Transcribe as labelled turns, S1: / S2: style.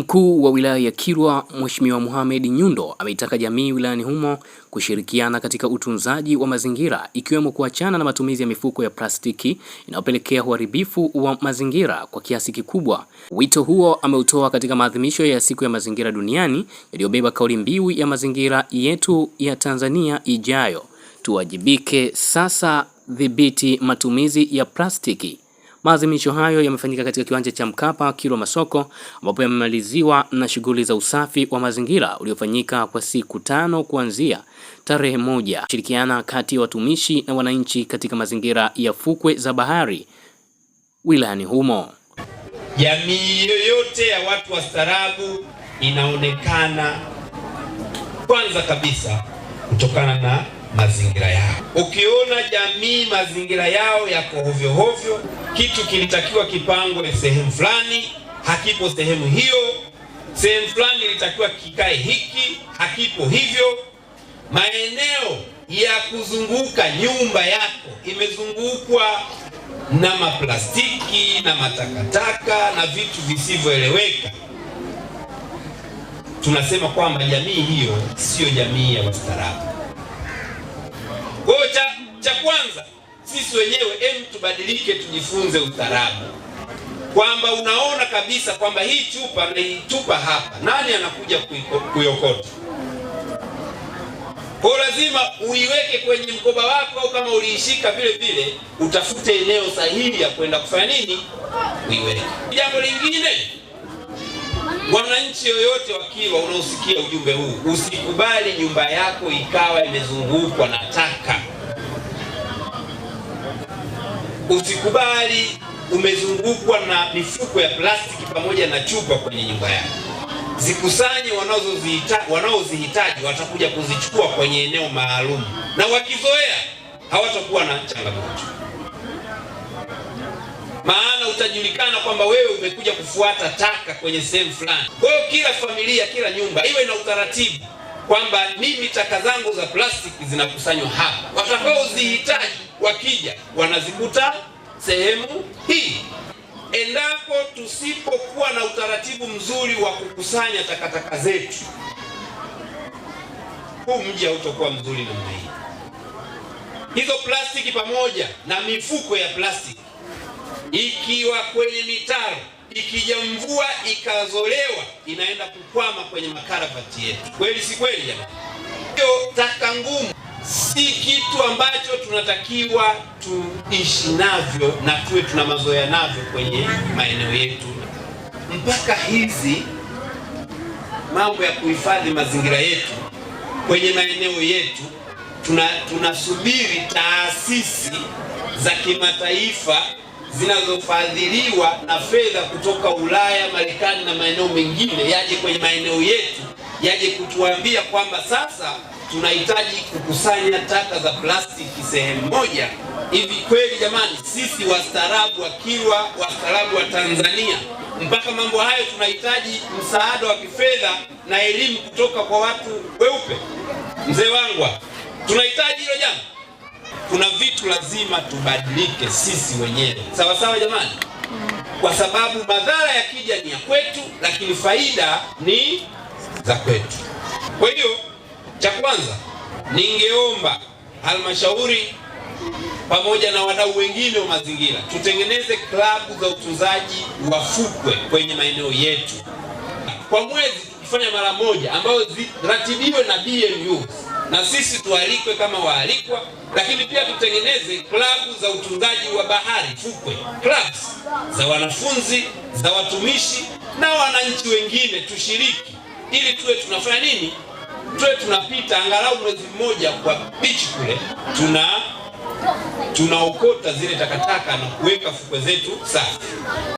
S1: Mkuu wa wilaya ya Kilwa Mheshimiwa Mohamed Nyundo ameitaka jamii wilayani humo kushirikiana katika utunzaji wa mazingira ikiwemo kuachana na matumizi ya mifuko ya plastiki inayopelekea uharibifu wa mazingira kwa kiasi kikubwa. Wito huo ameutoa katika maadhimisho ya siku ya mazingira duniani yaliyobeba kauli mbiu ya mazingira yetu ya Tanzania ijayo. Tuwajibike sasa, dhibiti matumizi ya plastiki. Maadhimisho hayo yamefanyika katika kiwanja cha Mkapa Kilwa Masoko, ambapo yamemaliziwa na shughuli za usafi wa mazingira uliofanyika kwa siku tano kuanzia tarehe moja, shirikiana kati ya watumishi na wananchi katika mazingira ya fukwe za bahari wilayani humo.
S2: Jamii yoyote ya watu wa inaonekana kwanza kabisa kutokana na mazingira yao. Ukiona jamii mazingira yao yako hovyo hovyo, kitu kilitakiwa kipangwe sehemu fulani hakipo sehemu hiyo, sehemu fulani ilitakiwa kikae hiki hakipo hivyo, maeneo ya kuzunguka nyumba yako imezungukwa na maplastiki na matakataka na vitu visivyoeleweka. Tunasema kwamba jamii hiyo siyo jamii ya wastaarabu. Cha kwanza sisi wenyewe em, tubadilike, tujifunze ustaarabu, kwamba unaona kabisa kwamba hii chupa naitupa hapa, nani anakuja kuiokota? Kwa lazima uiweke kwenye mkoba wako, au kama uliishika vile vile utafute eneo sahihi ya kwenda kufanya nini, uiweke. Jambo lingine Mwananchi yoyote wa Kilwa unaosikia ujumbe huu, usikubali nyumba yako ikawa imezungukwa na taka usikubali umezungukwa na mifuko ya plastiki pamoja na chupa kwenye nyumba yako. Zikusanye, wanaozihitaji watakuja kuzichukua kwenye eneo maalum, na wakizoea hawatakuwa na changamoto, maana utajulikana kwamba wewe umekuja kufuata taka kwenye sehemu fulani. Kwa hiyo kila familia, kila nyumba iwe na utaratibu kwamba mimi taka zangu za plastiki zinakusanywa hapa, watakaozihitaji wakija wanazikuta sehemu hii. Endapo tusipokuwa na utaratibu mzuri wa kukusanya takataka zetu, huu mji hautakuwa mzuri namna hii. Hizo plastiki pamoja na mifuko ya plastiki ikiwa kwenye mitaro, ikija mvua ikazolewa, inaenda kukwama kwenye makaravati yetu. Kweli si kweli jamani? Hiyo taka ngumu si kitu ambacho tunatakiwa tuishi navyo na tuwe tuna mazoea navyo kwenye maeneo yetu. Mpaka hizi mambo ya kuhifadhi mazingira yetu kwenye maeneo yetu tuna, tunasubiri taasisi za kimataifa zinazofadhiliwa na fedha kutoka Ulaya, Marekani na maeneo mengine yaje kwenye maeneo yetu yaje kutuambia kwamba sasa tunahitaji kukusanya taka za plastiki sehemu moja. Hivi kweli jamani, sisi wastaarabu wakiwa wastaarabu wa Tanzania mpaka mambo hayo tunahitaji msaada wa kifedha na elimu kutoka kwa watu weupe? Mzee wangwa, tunahitaji hilo jamani. Kuna vitu lazima tubadilike sisi wenyewe, sawa sawa jamani, kwa sababu madhara ya kija ni ya kwetu, lakini faida ni za kwetu. Kwa hiyo cha kwanza, ningeomba halmashauri pamoja na wadau wengine wa mazingira tutengeneze klabu za utunzaji wa fukwe kwenye maeneo yetu, kwa mwezi tukifanya mara moja, ambayo ziratibiwe na BMU na sisi tualikwe kama waalikwa, lakini pia tutengeneze klabu za utunzaji wa bahari fukwe, clubs za wanafunzi, za watumishi na wananchi wengine, tushiriki ili tuwe tunafanya nini, tuwe tunapita angalau mwezi mmoja kwa bichi kule, tuna tunaokota zile takataka na kuweka fukwe zetu safi.